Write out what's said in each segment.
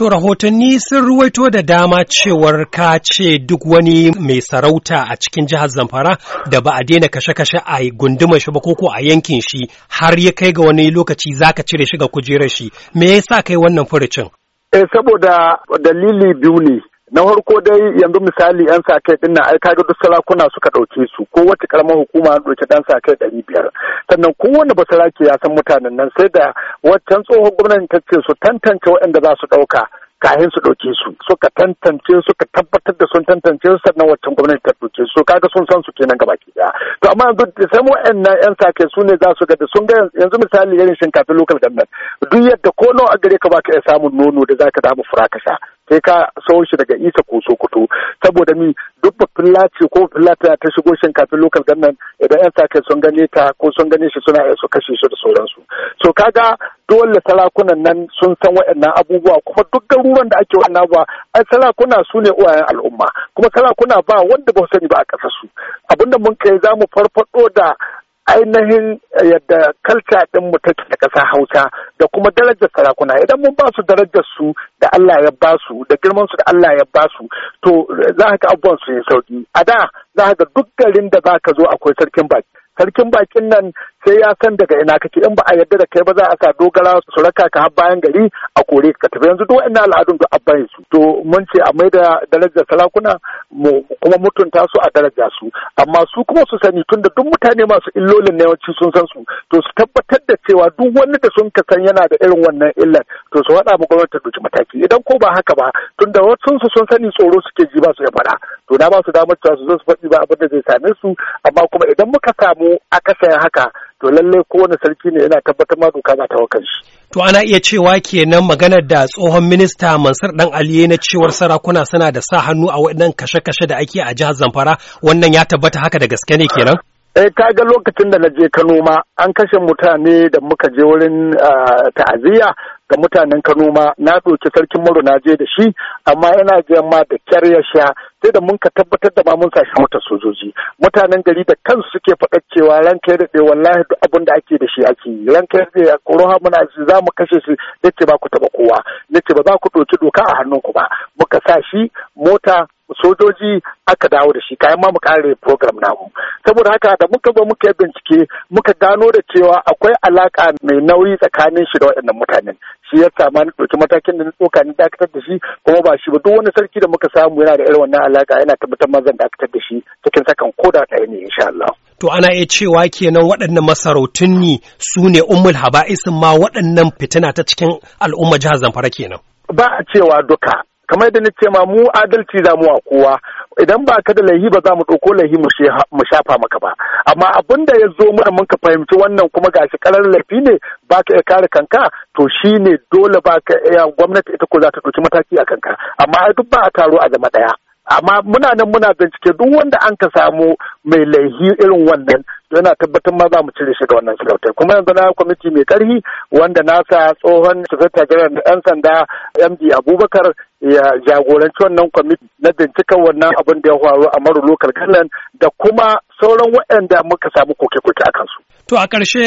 To rahotanni sun ruwaito da dama cewar ka ce duk wani mai sarauta a cikin jihar Zamfara da ba a daina kashe-kashe a gundumar shi ba ko a yankin shi har ya kai ga wani lokaci zaka cire shi ga kujerar shi. Me yasa kai wannan furucin? Eh saboda dalili biyu ne. na farko dai yanzu misali yan sa kai dinnan ai kaga duk sarakuna suka dauke su ko wata karamar hukuma an dauki dan sa kai ɗari biyar sannan kowane basarake ya san mutanen nan sai da wancan tsohon gwamnati ta ce su tantance waɗanda za su ɗauka kahin su ɗauke su suka tantance suka tabbatar da sun tantance su sannan waccan gwamnati ta ɗauke su kaga sun san su kenan gaba ɗaya to amma yanzu da sai wa'annan yan sake su ne za su ga da sun ga yanzu misali irin shinkafa local government duk yadda ko nawa a gare ka baka iya samun nono da zaka damu fura ka sha sai ka sau shi daga isa ko sokoto saboda mi duk da ko babban ta shigo shinkafin kafin lokal gannan idan yan sa sun gane ta ko sun gane shi suna su kashe shi da sauransu so kaga dole sarakunan nan sun san waɗannan abubuwa kuma duk garuruwan da ake waɗannan abubuwa ai sarakuna su ne uwayen al'umma kuma sarakuna ba wanda ba su sani ba a ƙasa su abinda mun kai za mu farfaɗo da ainihin eh, yadda kalca ɗin mu take da ƙasa Hausa da kuma darajar sarakuna idan mun ba su darajar su da Allah ya ba su da girman su da Allah ya ba su to eh, za ka abubuwan su yi sauki a da za ka duk garin da za ka zo akwai sarkin baki sarkin bakin nan sai ya san daga ina kake in ba a yarda da kai ba za a sa dogara su raka ka har bayan gari a kore ka tafi yanzu duk wa'annan al'adun duk abban su to mun ce a maida darajar sarakuna mu kuma mutunta su a daraja su amma su kuma su sani tunda duk mutane masu illolin na yawanci sun san su to su tabbatar da cewa duk wani da sun ka san yana da irin wannan illar to su haɗa mu gwamnati ta mataki idan ko ba haka ba tunda wasu su sun sani tsoro suke ji ba su ya faɗa to na ba su damar cewa su zo su faɗi ba abin da zai same su amma kuma idan muka samu aka saya haka to lalle kowane sarki ne yana tabbatar ma doka za ta hau To ana iya cewa kenan maganar da tsohon minista Mansur Dan Aliye na cewar sarakuna suna da sa hannu a waɗannan kashe-kashe da ake a jihar Zamfara wannan ya tabbata haka da gaske ne kenan? Eh ka ga lokacin da na je Kano ma an kashe mutane da muka je wurin ah, ta'aziyya ga mutanen Kano ma na ɗauki sarkin Moro na je da shi amma yana jiyan ma da kyar ya sha sai da mun ka tabbatar da ma mun sashi mata sojoji mutanen gari da kansu suke faɗar cewa "Ranka ya da wallahi duk abin da ake da shi ake yi ran kai da ya koro muna za mu kashe shi yace ba ku taɓa kowa yace ba za ku ɗauki doka a hannunku ba muka sa shi mota sojoji aka dawo da shi kayan ma mu kare program namu saboda haka da muka zo muka bincike muka gano da cewa akwai alaka mai nauyi tsakanin shi da waɗannan mutanen su ya kama ni ɗauki matakin da na tsoka ni dakatar da shi kuma ba shi ba duk wani sarki da muka samu yana da irin wannan alaka yana tabbatar mazan dakatar da shi cikin sakan koda ɗaya ne insha Allah. To ana iya cewa kenan waɗannan masarautun ne su ne ummul haba'isin ma waɗannan fitina ta cikin al'umma jihar Zamfara kenan. Ba a cewa duka kamar da na ce ma mu adalci za mu wa kowa idan ba ka da laihi ba za mu ɗauko laihi mu shafa maka ba amma abin da ya zo mana mun ka fahimci wannan kuma ga shi karar laifi ne ba ka iya kare kanka to shi ne dole ba ka iya gwamnati ita ko za ta ɗauki mataki a kanka amma duk ba a taro a zama ɗaya amma muna nan muna bincike duk wanda an ka samu mai laihi irin wannan yana tabbatar ma za mu cire shi ga wannan sarautar kuma yanzu na kwamiti mai karfi wanda nasa tsohon sufeta jiran da ɗan sanda md abubakar ya jagoranci wannan kwamiti na bincikan wannan abin da ya faru a maru lokal kallon da kuma sauran waɗanda muka samu koke-koke a kansu. To a ƙarshe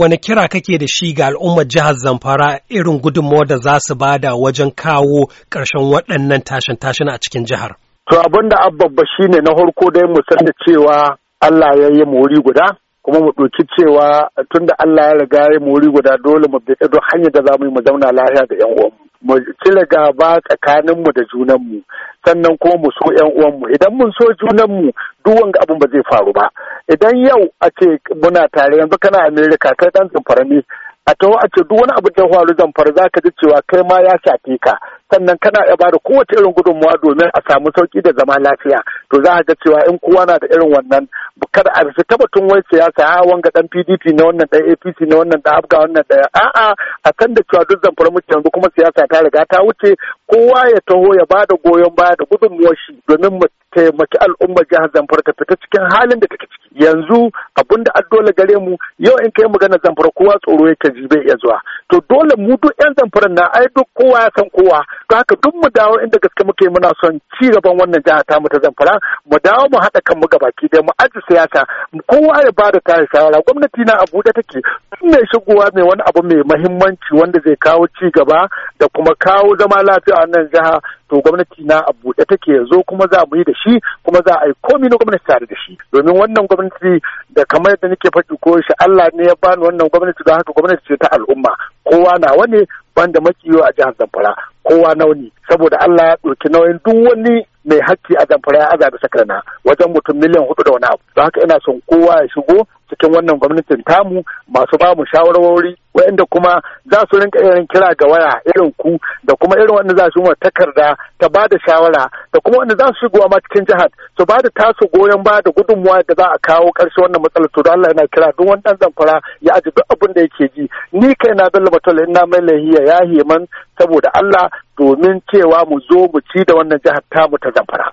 wani kira kake da shi ga al'ummar jihar Zamfara irin gudunmawar da za su bada wajen kawo ƙarshen waɗannan tashin-tashin a cikin jihar? To abin da abba shine na farko dai mu san da cewa Allah ya yi wuri guda kuma mu ɗauki cewa tunda Allah ya riga ya wuri guda dole mu bi ido hanyar da za mu yi mu zauna lafiya da 'yan uwanmu mu cire gaba tsakaninmu da junanmu sannan kuma mu so 'yan uwanmu idan mun so junanmu duk wanga abin ba zai faru ba idan yau a ce muna tare yanzu kana America kai dan zamfara ne a taho a ce duk wani abu da faru zamfara za ka ji cewa kai ma ya shafe ka sannan kana ya bada kowace irin gudunmawa domin a samu sauki da zama lafiya to za a ga cewa in kowa na da irin wannan kada a fita batun wai siyasa a wanga dan PDP na wannan dan APC na wannan da Abga wannan ɗaya. a'a a kan da cewa duk zamfara muke kuma siyasa ta riga ta wuce kowa ya taho ya bada goyon baya da gudunmuwar shi domin mu taimaki al'ummar jihar Zamfara ta fita cikin halin da take ciki yanzu abin da dole gare mu yau in kai magana Zamfara kowa tsoro yake ji bai iya zuwa to dole mu duk yan Zamfara na ai duk kowa ya san kowa to haka duk mu dawo inda gaske muke muna son ci gaban wannan jihar ta mu ta Zamfara mu dawo mu haɗa kanmu gabaki da mu aji siyasa kowa ya bada tare shawara gwamnati na a buɗe take duk mai shigowa mai wani abu mai mahimmanci wanda zai kawo ci gaba da kuma kawo zama lafiya a wannan jihar. to gwamnati na a buɗe take yanzu kuma za mu yi da shi kuma za a yi komi na gwamnati tare da shi domin wannan gwamnati da kamar yadda nake faɗi ko shi Allah ne ya bani wannan gwamnati don haka gwamnati ce ta al'umma kowa nawa ne banda makiyo a jihar Zamfara kowa ne saboda Allah ya ɗauki nauyin duk wani mai hakki a Zamfara ya azabi sakrana wajen mutum miliyan hudu da wani abu don haka ina son kowa ya shigo cikin wannan gwamnatin tamu masu ba mu shawarwari wa'inda kuma za su rinka irin kira ga waya irin ku da kuma irin wanda za su yi takarda ta ba da shawara da kuma wanda za su shigo ma cikin jihar su ba da tasu goyon ba da gudunmuwa da za a kawo ƙarshe wannan matsalar to da Allah yana kira duk wani ɗan zamfara ya aji duk abin da yake ji ni kai na dalla batul ina mai lahiya ya man saboda Allah domin cewa mu zo mu ci da wannan jihar tamu ta zamfara.